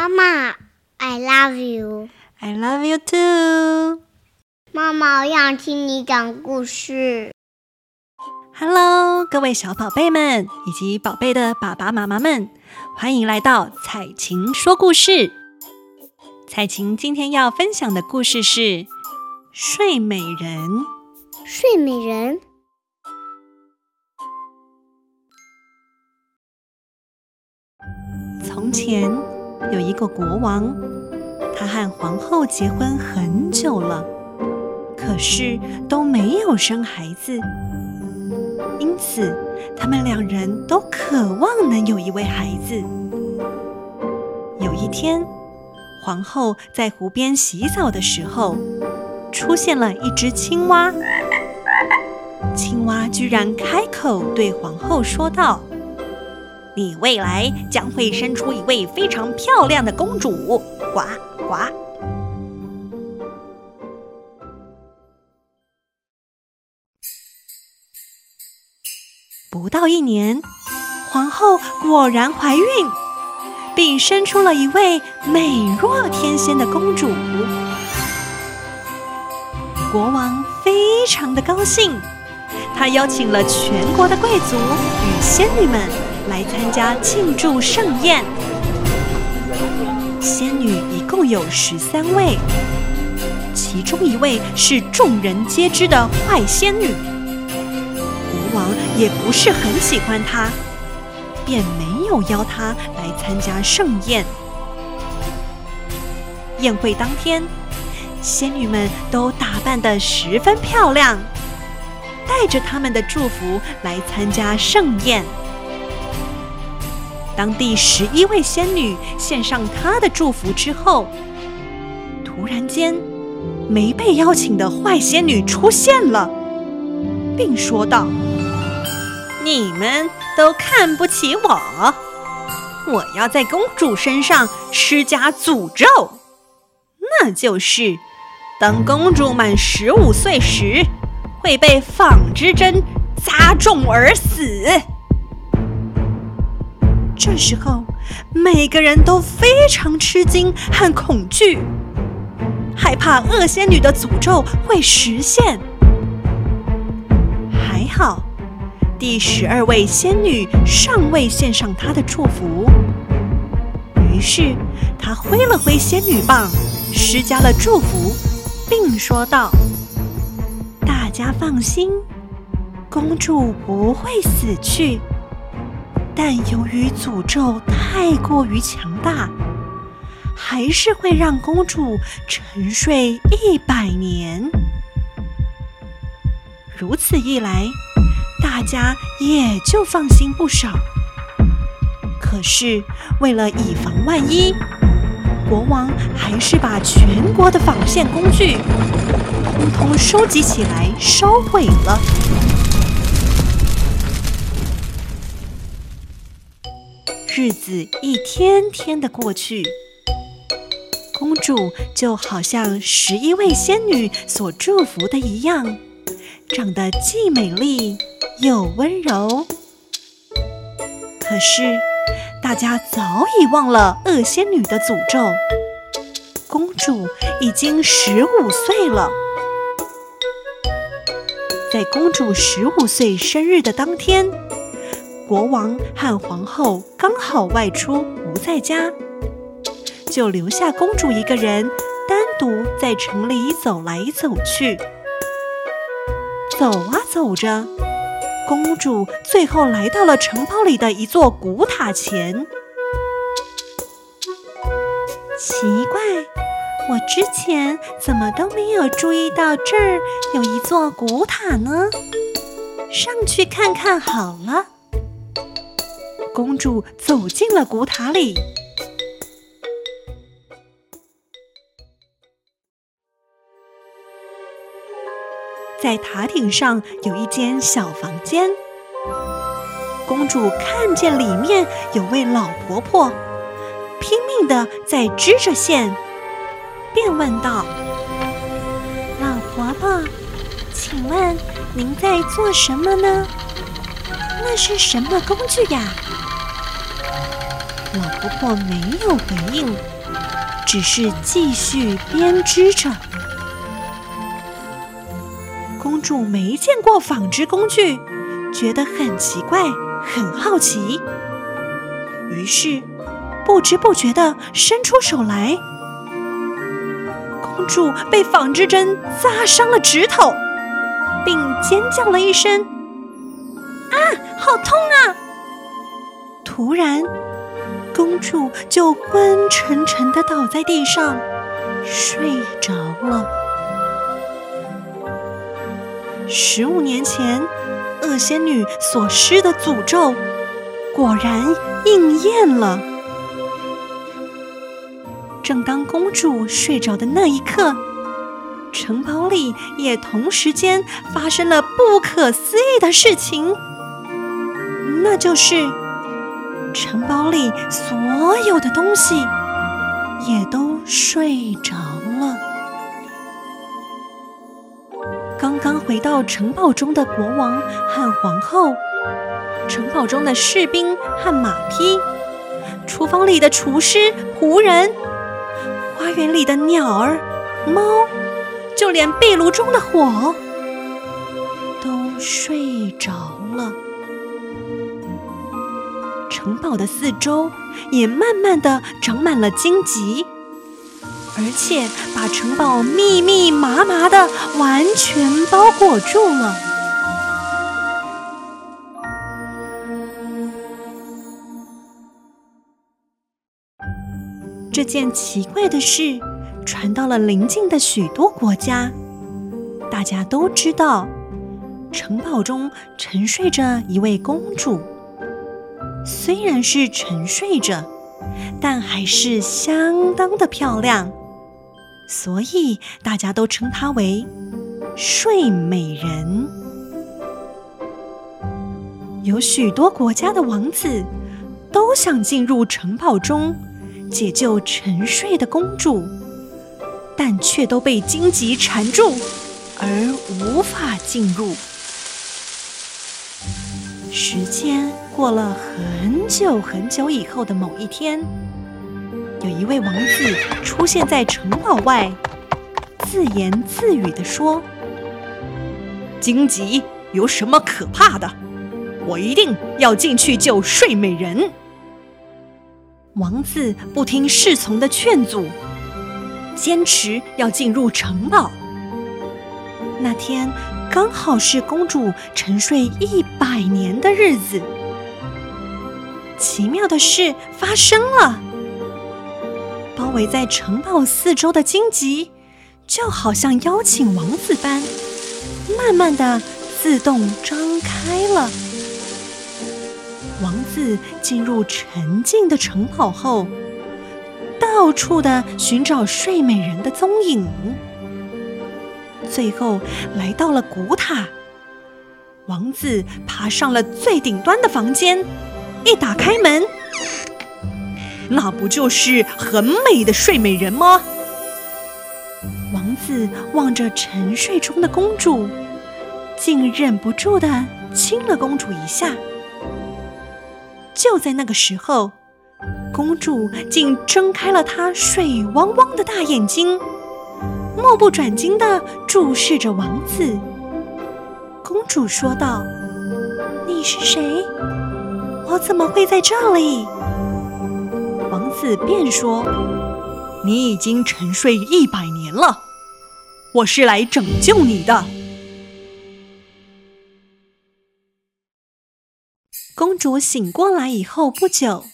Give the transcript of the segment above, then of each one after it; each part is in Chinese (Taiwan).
媽媽，I love you. I love you too. 媽媽，我想聽你講故事。Hello，各位小寶貝們以及寶貝的爸爸媽媽們，歡迎來到采晴說故事。采晴今天要分享的故事是《睡美人》。睡美人。從前。嗯有一個國王，他和皇后結婚很久了，可是都沒有生孩子，因此他們兩人都渴望能有一位孩子。有一天，皇後在湖邊洗澡的時候，出現了一隻青蛙。青蛙居然開口對皇後說道。你未來將會生出一位非常漂亮的公主，呱呱。不到一年，皇后果然懷孕，並生出了一位美若天仙的公主。國王非常的高興，他邀請了全國的貴族與仙女們來參加慶祝盛宴，仙女一共有十三位，其中一位是眾人皆知的壞仙女，國王也不是很喜歡她，便沒有邀她來參加盛宴。宴會當天，仙女們都打扮得十分漂亮，帶着她們的祝福來參加盛宴。當第十一位仙女獻上她的祝福之後，突然間，沒被邀請的壞仙女出現了，並說道：“你們都看不起我，我要在公主身上施加詛咒，那就是，當公主滿十五歲時，會被紡織針扎中而死。”這時候，每個人都非常吃驚和恐懼，害怕惡仙女的詛咒會實現。還好，第十二位仙女尚未獻上她的祝福。於是，她揮了揮仙女棒，施加了祝福，並說道：“大家放心，公主不會死去。”但由於詛咒太過於強大，還是會讓公主沉睡一百年。如此一來，大家也就放心不少。可是為了以防萬一，國王還是把全國的紡線工具通通收集起來燒毀了。日子一天天的過去，公主就好像十一位仙女所祝福的一樣，長得既美麗又溫柔。可是，大家早已忘了惡仙女的詛咒，公主已經十五歲了。在公主十五歲生日的當天。國王和皇后剛好外出不在家，就留下公主一個人，單獨在城裡走來走去。走啊走着，公主最後來到了城堡裡的一座古塔前。奇怪，我之前怎麼都沒有注意到這兒有一座古塔呢？上去看看好了。公主走進了古塔裡，在塔頂上有一間小房間。公主看見裡面有位老婆婆，拼命的在織着線，便問道：“老婆婆，請問您在做什麼呢？那是什麼工具呀？”老婆婆沒有回應，只是繼續編織着。公主沒見過紡織工具，覺得很奇怪，很好奇，於是不知不覺地伸出手來。公主被紡織針扎傷了指頭，並尖叫了一聲：“啊，好痛啊！”突然，公主就昏沉沉的倒在地上，睡着了。十五年前，惡仙女所施的詛咒果然應驗了。正當公主睡着的那一刻，城堡裡也同時間發生了不可思議的事情，那就是。城堡裡所有的東西也都睡着了。剛剛回到城堡中的國王和皇後，城堡中的士兵和馬匹，廚房裡的廚師、僕人，花園裡的鳥兒、貓，就連壁爐中的火都睡着了。城堡的四周也慢慢的長滿了荊棘，而且把城堡密密麻麻的完全包裹住了。這件奇怪的事傳到了鄰近的許多國家，大家都知道，城堡中沉睡着一位公主。.雖然是沉睡着，但還是相當的漂亮，所以大家都稱她為睡美人。有許多國家的王子都想進入城堡中解救沉睡的公主，但卻都被荊棘纏住而無法進入。時間。過了很久很久以後的某一天，有一位王子出現在城堡外，自言自語地說：“荊棘有什麼可怕的？我一定要進去救睡美人。”王子不聽侍從的勸阻，堅持要進入城堡。那天剛好是公主沉睡一百年的日子。奇妙的事發生了，包圍在城堡四周的荊棘，就好像邀請王子般，慢慢地自動張開了。王子進入沉靜的城堡後，到處地尋找睡美人的蹤影，最後來到了古塔，王子爬上了最頂端的房間。一打開門，那不就是很美的睡美人嗎？王子望着沉睡中的公主，竟忍不住的親了公主一下。就在那個時候，公主竟睜開了她水汪汪的大眼睛，目不轉睛地注視着王子。公主說道：“你是誰？”我怎麼會在這裡？王子便說：“你已經沉睡一百年了，我是來拯救你的。”公主醒過來以後不久，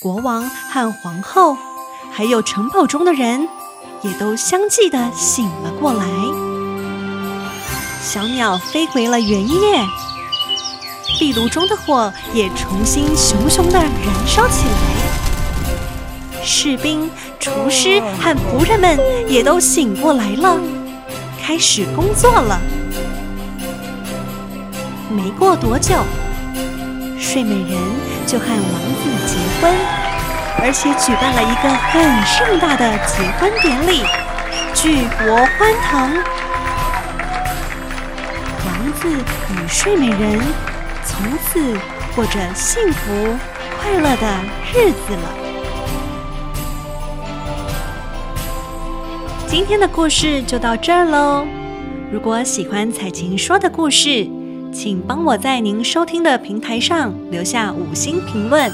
國王和皇後，還有城堡中的人，也都相繼的醒了過來。小鳥飛回了原野。壁爐中的火也重新熊熊地燃燒起來，士兵、廚師和僕人們也都醒過來了，開始工作了。沒過多久，睡美人就和王子結婚，而且舉辦了一個很盛大的結婚典禮，舉國歡騰。王子與睡美人。從此過着幸福快樂的日子了。今天的故事就到這兒嘍。如果喜歡采晴說的故事，請幫我在您收聽的平台上留下五星評論，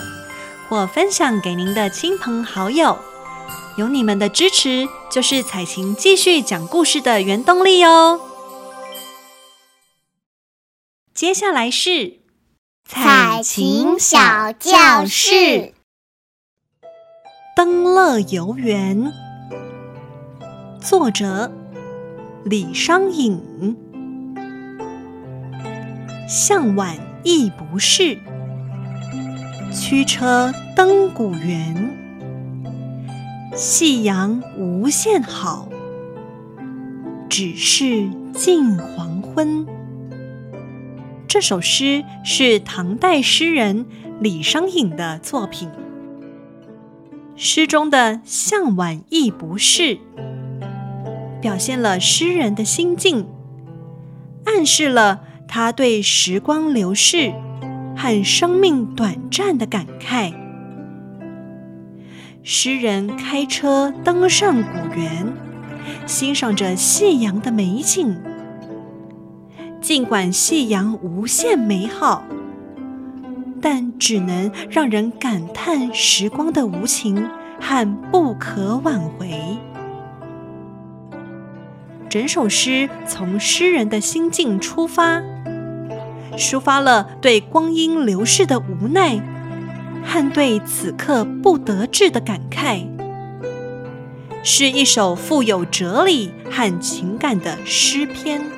或分享給您的親朋好友。有你們的支持，就是采晴繼續講故事的原動力哦。接下來是。采晴小教室，《登樂遊原》。作者：李商隱。向晚意不適，驅車登古原。夕陽無限好，只是近黃昏。這首詩是唐代詩人李商隱的作品。詩中的“向晚意不適”表現了詩人的心境，暗示了他對時光流逝和生命短暫的感慨。詩人開車登上古原，欣賞着夕陽的美景。儘管夕陽無限美好，但只能讓人感嘆時光的無情和不可挽回。整首詩從詩人的心境出發，抒發了對光陰流逝的無奈和對此刻不得志的感慨，是一首富有哲理和情感的詩篇。